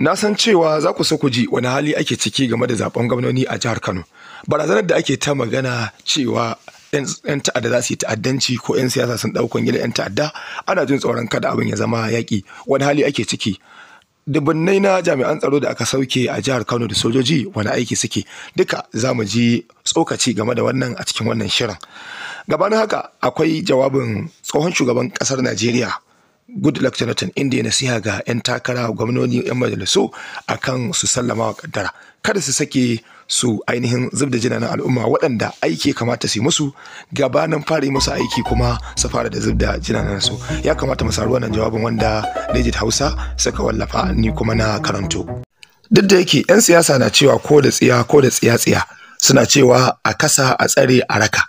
Na san cewa za ku so ku ji wani hali ake ciki game da zaben gwamnoni a jihar Kano. Barazanar da ake ta magana cewa 'yan ta'adda za su yi ta'addanci ko 'yan siyasa sun ɗaukan gida 'yan ta'adda ana jin tsoron kada abin ya zama yaƙi wani hali ake ciki. Dubunnai na jami'an tsaro da aka sauke a jihar Kano da sojoji wani aiki suke duka za mu ji tsokaci game da wannan a cikin wannan shirin. Gabanin haka akwai jawabin tsohon shugaban ƙasar Najeriya Good jonathan Indiya ya nasiha ga 'yan takara gwamnoni 'yan majalisu a kan su sallama wa kaddara kada su sake su ainihin zub da jinanin al'umma waɗanda aiki kamata su yi musu gabanin fara yi musu aiki kuma su fara da zub da jinanin su ya kamata mu saru wannan jawabin wanda legit hausa suka wallafa ni kuma na karanto duk da yake 'yan siyasa na cewa ko da tsiya ko da tsiya tsiya suna cewa a kasa a tsare a raka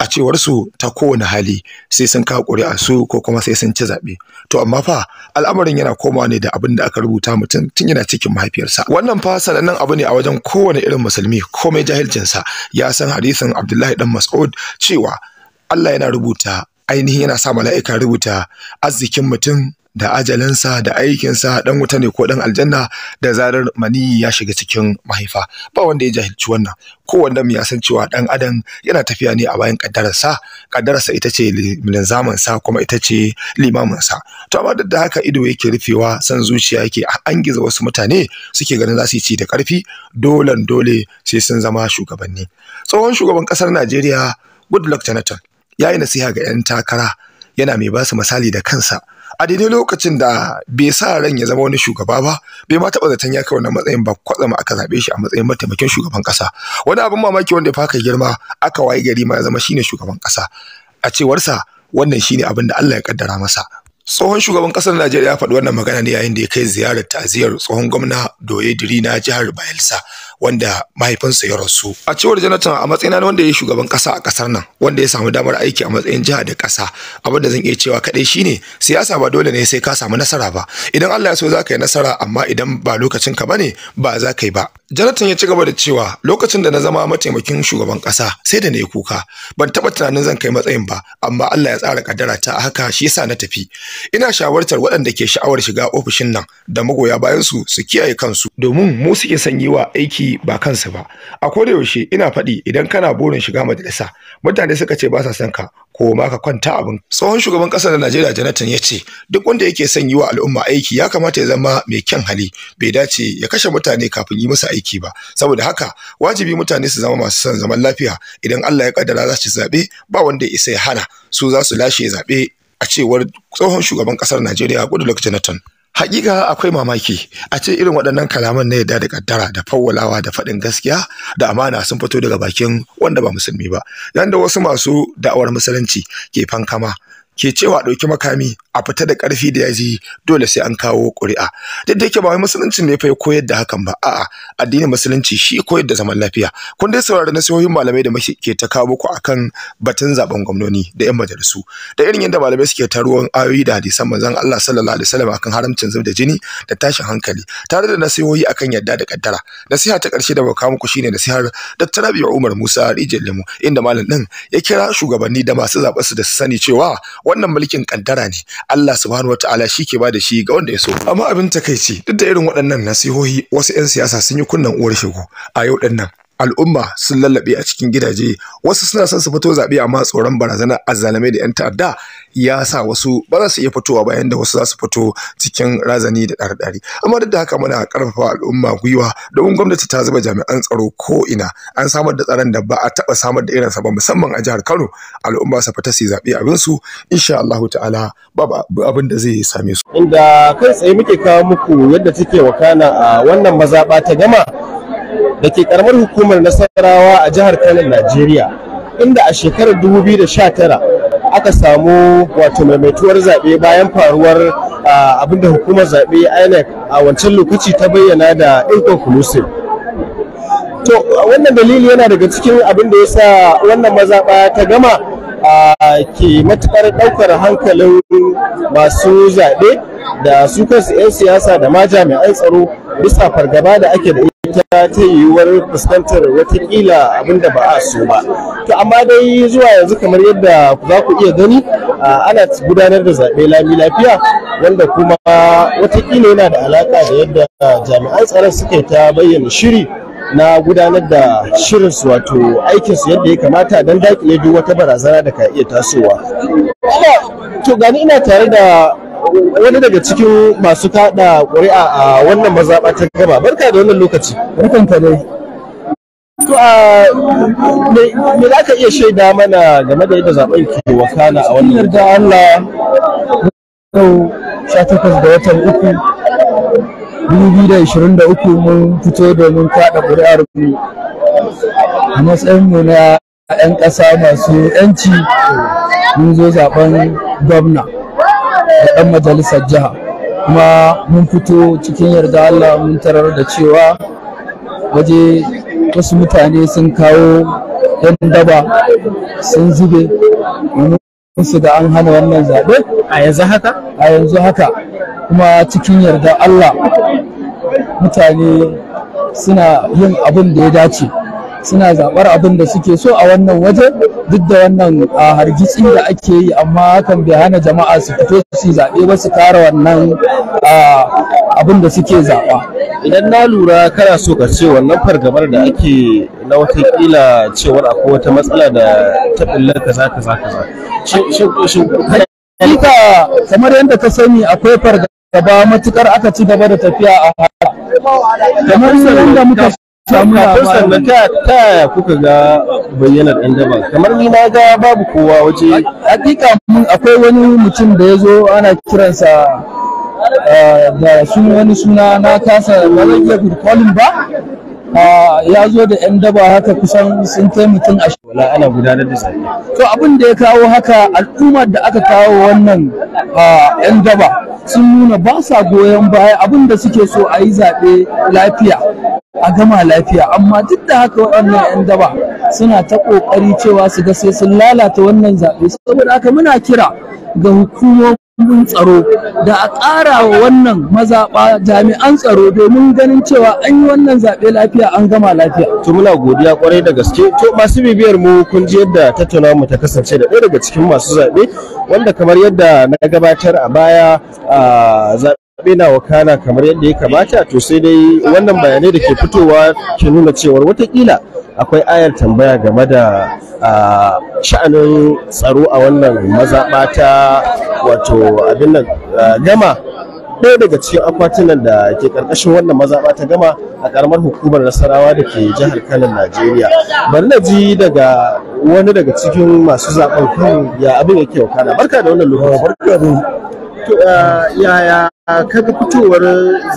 a cewar su ta kowane hali sai sun kawo ƙuri'a su ko kuma sai sun ci zaɓe to amma fa al'amarin yana komawa ne da abin da aka rubuta mutum tun yana cikin mahaifiyarsa wannan fa sanannen abu ne a wajen kowane irin musulmi komai jahilcinsa ya san hadisin Abdullahi dan Mas'ud cewa Allah yana rubuta ainihin yana sa mala'ika rubuta arzikin mutum da ajalinsa da aikinsa dan wuta ne ko dan aljanna da zarar mani ya shiga cikin mahaifa ba wanda ya jahilci wannan kowanne mu ya san cewa dan adam yana tafiya ne a bayan kaddararsa kaddararsa ita ce linzamin sa kuma ita ce limamin sa to amma da haka ido yake rufewa san zuciya yake an giza wasu mutane suke ganin za su ci da karfi dolan dole sai sun zama shugabanni tsohon shugaban kasar Najeriya Goodluck Jonathan ya yi nasiha ga 'yan takara yana mai ba su misali da kansa a daidai lokacin da bai sa ran ya zama wani shugaba ba bai ma taɓa zaton ya kai wannan matsayin ba kwatsama aka zaɓe shi a matsayin mataimakin shugaban ƙasa wani abin mamaki wanda ya faka girma aka wayi gari ma ya zama shine shugaban ƙasa a cewarsa wannan shine abin da Allah ya kaddara masa tsohon shugaban ƙasar Najeriya ya faɗi wannan magana ne yayin da ya kai ziyarar ta'aziyar tsohon gwamna Doye Diri na jihar Bayelsa wanda mahaifinsa ya rasu a cewar jonathan a matsayin wanda ya shugaban kasa a kasar nan wanda ya samu damar aiki a matsayin jiha da kasa abin da zan iya cewa kadai shine siyasa ba dole ne sai ka samu nasara ba idan allah ya so za ka yi nasara amma idan ba lokacin ka bane ba za ka yi ba jonathan ya ci gaba da cewa lokacin da na zama mataimakin shugaban kasa sai da na yi kuka ban taba tunanin zan kai matsayin ba amma allah ya tsara kaddara ta haka shi yasa na tafi ina shawartar waɗanda ke sha'awar shiga ofishin nan da magoya bayan su su kiyaye kansu domin mu suke sanyi wa aiki ba kansu ba a koda yaushe ina faɗi idan kana burin shiga majalisa mutane suka ce ba sa son ka ko ma ka kwanta abin tsohon shugaban ƙasar Najeriya Jonathan ya ce duk wanda yake son yi wa al'umma aiki ya kamata ya zama mai kyan hali bai dace ya kashe mutane kafin yi musu aiki ba saboda haka wajibi mutane su zama masu son zaman lafiya idan Allah ya kaddara za su zaɓe ba wanda ya isa ya hana su za su lashe zaɓe a cewar tsohon shugaban ƙasar Najeriya Goodluck Jonathan hakika akwai mamaki a ce irin waɗannan kalaman na yadda da kaddara da fawwalawa da faɗin gaskiya da amana sun fito daga bakin wanda ba musulmi ba yanda wasu masu da'awar musulunci ke fankama ke cewa ɗauki makami a fita da ƙarfi da ya ji dole sai an kawo ƙuri'a duk da yake ba wai musulunci ne fa ya koyar da hakan ba a'a addinin musulunci shi koyar da zaman lafiya kun dai saurari nasihohin malamai da muke ta kawo muku akan batun zaben gwamnoni da yan majalisu da irin yadda malamai suke taruwan ayoyi da hadisan manzon Allah sallallahu alaihi wasallam akan haramcin zub da jini da tashin hankali tare da nasihohi akan yadda da kaddara nasiha ta ƙarshe da kawo muku shine nasihar Dr. Rabi'u Umar Musa Rijal inda malam din ya kira shugabanni da masu zaɓe su da su sani cewa wannan mulkin kaddara ne Allah subhanahu wataala shi ke bada shi ga wanda ya so amma abin takaici duk da irin waɗannan nasihohi wasu 'yan siyasa sun yi kunnan uwar shigo a yau ɗin nan al'umma sun lallabe a cikin gidaje wasu suna son su fito zaɓe amma tsoron barazana azzalame da 'yan ta'adda ya sa wasu ba za su iya fitowa bayan da wasu za su fito cikin razani da ɗari amma duk da haka muna ƙarfafa al'umma gwiwa domin gwamnati ta zuba jami'an tsaro ko ina an samar da tsaron da ba a taɓa samar da irinsa ba musamman a jihar Kano al'umma su fita su zaɓe abin su insha Allah ta'ala babu abin da zai same su inda kai tsaye muke kawo muku yadda take wakana a wannan mazaɓa ta gama da ke karamar hukumar nasarawa a jihar kano najeriya inda a shekarar 2019 aka samu wato maimaituwar zaɓe bayan faruwar abinda hukumar zaɓe inec a wancan lokaci ta bayyana da inconclusive to wannan dalili yana daga cikin abinda ya sa wannan mazaɓa ta gama a ke matuƙar ɗaukar hankalin masu zaɓe da su kansu 'yan siyasa da ma jami'an tsaro bisa fargaba da ake da ita ta yiwuwar fuskantar watakila abinda ba a so ba to amma dai zuwa yanzu kamar yadda za ku iya gani ana gudanar da zaɓe lami lafiya wanda kuma watakila yana da alaƙa da yadda jami'an tsaro suke ta bayyana shiri na gudanar da shirinsu wato aikinsu yadda ya kamata don dakile duk wata barazana da ka iya tasowa. To gani ina tare da wani daga cikin masu kaɗa ƙuri'a a wannan mazaɓa ta gaba barka da wannan lokaci barkanka dai to a me za ka iya shaida mana game da yadda zaɓen ke wakana a wannan yarda Allah yau sha takwas da watan uku dubu biyu da ishirin da uku mun fito domin kaɗa ƙuri'ar mu a matsayin mu na 'yan ƙasa masu 'yanci mun zo zaɓen gwamna da ɗan majalisar jiha kuma mun fito cikin yarda Allah mun tarar da cewa waje wasu mutane sun kawo 'yan daba sun zube Mun su da an hana wannan zaɓe a yanzu haka a yanzu haka kuma cikin yarda Allah mutane suna yin abin da ya dace suna zaɓar abin da suke so a wannan waje duk da wannan hargitsi da ake yi amma hakan bai hana jama'a su fito su zaɓe ba su kara wannan abin da suke zaɓa. Idan na lura kana so ka ce wannan fargabar da ake na watakila cewar akwai wata matsala da taɓillar kaza kaza kaza. Hakika kamar yadda ka sani akwai fargaba matukar aka ci gaba da tafiya a haka. Kamar yadda muka ta yaya kuka ga bayyanar ɗan daba kamar ni na ga babu kowa waje hakika mun akwai wani mutum da ya zo ana kiransa da sun wani suna na kasa ba zan iya recalling ba ya zo da yan daba haka kusan sun kai mutum a wala ana gudanar da zaɓe to abin da ya kawo haka al'ummar da aka kawo wannan yan daba sun nuna ba sa goyon baya abin da suke so a yi zaɓe lafiya a gama lafiya amma duk da haka waɗannan 'yan daba suna ta ƙoƙari cewa su ga sai sun lalata wannan zaɓe saboda haka muna kira ga hukumomin tsaro da a ƙara wa wannan mazaɓa jami'an tsaro domin ganin cewa an yi wannan zaɓe lafiya an gama lafiya. To muna godiya kwarai da gaske to masu bibiyar mu kun ji yadda tattauna mu ta kasance da ɗaya daga cikin masu zaɓe wanda kamar yadda na gabatar a baya ah, zaɓe zaɓe na wakana kamar yadda ya kamata to sai dai wannan bayanai da ke fitowa ke nuna cewar watakila akwai ayar tambaya game da sha'anin tsaro a wannan mazaɓa ta wato abin nan gama ɗaya daga cikin akwatunan da ke ƙarƙashin wannan mazaɓa ta gama a ƙaramar hukumar nasarawa da ke jihar kano najeriya bari na ji daga wani daga cikin masu zaɓen kan ya abin yake wakana barka da wannan lokaci To uh, yaya kaga fitowar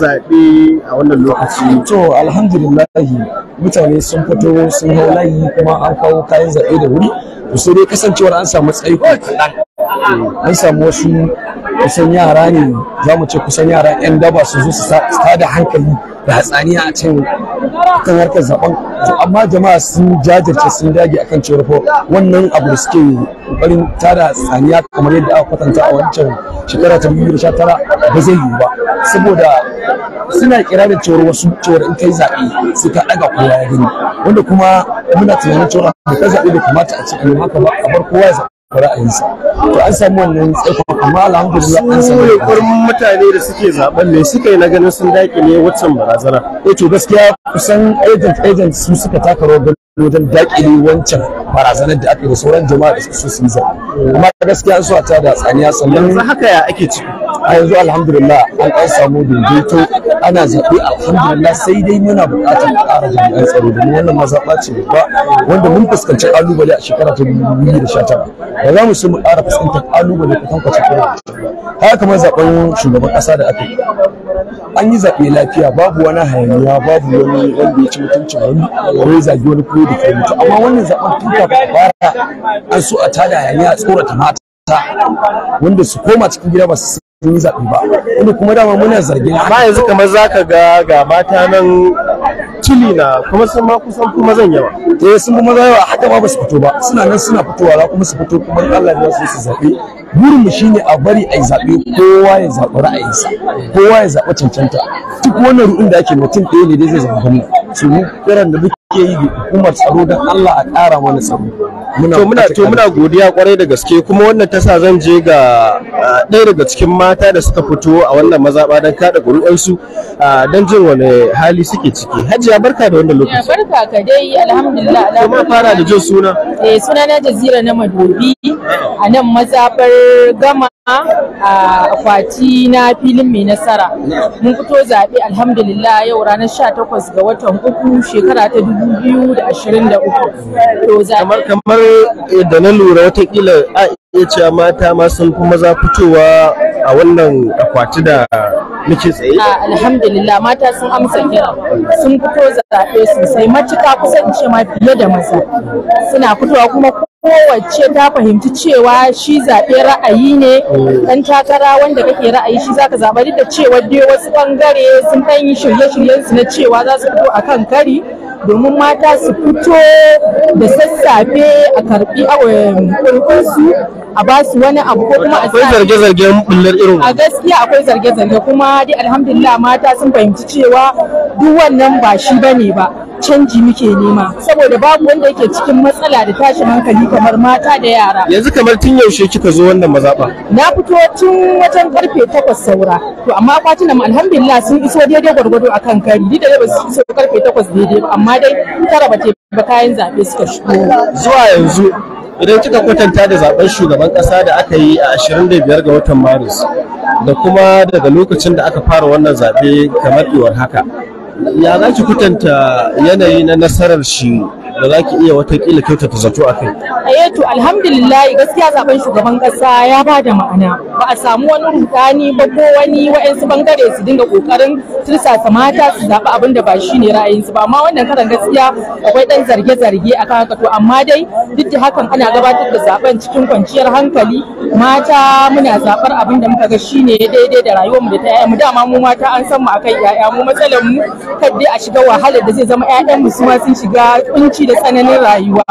zaɓe a wannan lokaci? To alhamdulillahi mutane sun fito sun hau layi kuma an kawo kayan zaɓe da wuri. To sai dai kasancewar an samu tsaiko kaɗan. Eh, an samu wasu kusan yara ne za mu ce kusan yara 'yan daba su zo su da hankali da hatsaniya a can kan harkar zaben amma jama'a sun jajirce sun dage akan cewar wannan abu da suke kokarin tada hatsaniya kamar yadda aka kwatanta a wancan shekara ta 2019 ba zai yiwu ba saboda suna kira da cewar wasu cewar in kai zaɓe su ka ɗaga kowa ya gani wanda kuma muna tunanin cewar da ka zaɓe da kamata a ce an haka ba a bar kowa ya zaɓe ra'ayinsa to an samu wannan tsarkon amma alhamdulillah an samu kurmin mutane da suke zaben ne, suka yi na ganin sun dakile waccan barazana eh to gaskiya kusan agent agent su suka taka rawar wajen dakile wancan barazanar da aka yi da sauran jama'a da su su yi zaɓe amma gaskiya an so a tada tsaniya sannan yanzu haka ya ake ciki a yanzu alhamdulillah an an samu daidaito ana zaɓe alhamdulillah sai dai muna buƙatar ƙara jami'an tsaro domin wannan maza ce babba wanda mun fuskanci ƙalubale a shekara ta tara ba za mu so mu ƙara fuskantar ƙalubale kusan kwace kuma haka kamar zaɓen shugaban ƙasa da aka yi an yi zaɓe lafiya babu wani hayaniya babu wani wanda ya ci mutuncin wani wani zagi wani kuma da kai mutu amma wannan zaɓen tun kafin fara an so a tada hayaniya a tsorata mata wanda su koma cikin gida ba su sun zaɓe ba wanda kuma dama muna zargin amma yanzu kamar ka ga ga mata nan tuli na kuma sun ma kusan kuma zan yawa eh sun kuma yawa haka ba su fito ba suna nan suna fitowa za kuma su fito kuma Allah ya su zaɓe burin mu shine a bari ai zaɓe kowa ya zaɓi ra'ayinsa kowa ya zaɓi cancanta duk wannan ruɗun da ake mutum ɗaya ne dai zai zama gwamna su mu kiran da muke yi hukumar tsaro don Allah a ƙara mana tsaro to muna to muna godiya kwarai da gaske kuma wannan ta sa zan je ga ɗaya daga cikin mata da suka fito a wannan mazaɓa don kaɗa ƙuri'ansu don jin wani hali suke ciki hajiya barka da wannan lokaci barka ka dai alhamdulillah kuma fara da jin suna Eh, Suna na Jazira na Madobi a nan mazafar gama a akwati na filin mai nasara. Mun fito zaɓe alhamdulillah yau ranar 18 ga watan uku shekara ta 2023. Kamar kamar da na lura watakila iya cewa mata ma sun fi maza fitowa a wannan akwati da muke tsaye? Ah, alhamdulillah mata sun amsa kira sun fito zaɓe sosai matuka kusa in ce ma fiye da maza suna fitowa kuma kowace ta fahimci cewa shi zaɓe ra'ayi ne mm. ɗan takara wanda kake ra'ayi shi zaka zaɓa duk da cewa dai wasu ɓangare sun ɗan yi shirye shiryensu na cewa za su fito kan kari domin mata su fito da sassafe a karbi eh, su a ba su wani abu ko kuma a akwai zarge-zargen bullar irin a gaskiya akwai zarge-zarge kuma dai alhamdulillah mata sun fahimci cewa duk wannan ba shi bane ba canji muke nema saboda babu wanda yake cikin matsala da tashin hankali kamar mata da yara yanzu kamar tun yaushe kika zo wannan mazaɓa. na fito tun wajen karfe takwas saura to amma kwatunan alhamdulillah sun iso daidai gwargwado akan kari duk da ba su iso karfe takwas daidai ba amma dai tara ba ba kayan zaɓe suka shigo zuwa yanzu idan kika kwatanta da zaben shugaban kasa da aka yi a 25 ga watan maris da kuma daga lokacin da aka fara wannan zaɓe kamar iwar haka ya za ki kutanta yanayi na nasarar shi da za ki iya watakila kyautata zato a kai? Eh to alhamdulillah gaskiya zaben shugaban kasa ya ba da ma'ana ba a samu wani rudani ba ko wani wa'yansu bangare su dinga kokarin tursasa mata su zaɓi abin da ba shi ne ra'ayinsu ba amma wannan karan gaskiya akwai ɗan zarge-zarge akan haka to amma dai duk da hakan ana gabatar da zaben cikin kwanciyar hankali mata muna zaɓar abin da muka ga shi ne daidai da rayuwarmu da ta yaya mu dama mu mata an san mu kai yaya mu matsalar mu kadai a shiga wahalar da zai zama 'ya'yanmu su ma sun shiga kunci da da tsananin rayuwa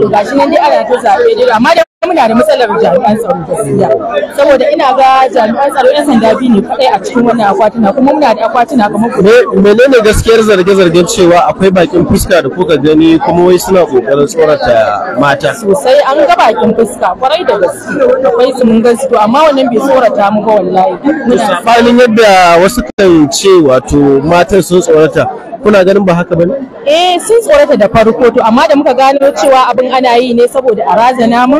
to gashi nan dai ana ta zabe dai amma muna da matsalar jami'an tsaro gaskiya saboda ina ga jami'an tsaro yan sanda biyu ne kadai a cikin wannan akwatuna kuma muna da akwatuna kamar ku menene gaskiyar zarge-zargen cewa akwai bakin fuska da kuka gani kuma wai suna kokarin tsorata mata sosai an ga bakin fuska kwarai da gaske akwai su mun to, amma wannan bai tsorata mu ba wallahi misalin yadda wasu kan ce wato matan sun tsorata kuna ganin ba haka bane eh sun tsorata da farko to amma da muka gano cewa abin ana yi ne saboda a razana mu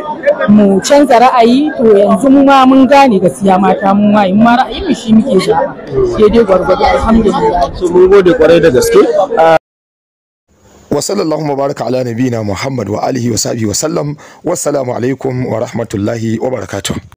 mu canza ra'ayi to yanzu mu ma mun gane gaskiya mata mun ma in ma ra'ayin mu shi muke zaba daidai gwargwado alhamdulillah to mun gode kwarai da gaske wa sallallahu mubaraka ala nabiyina muhammad wa alihi wa sahbihi wa sallam wassalamu alaikum wa rahmatullahi wa barakatuh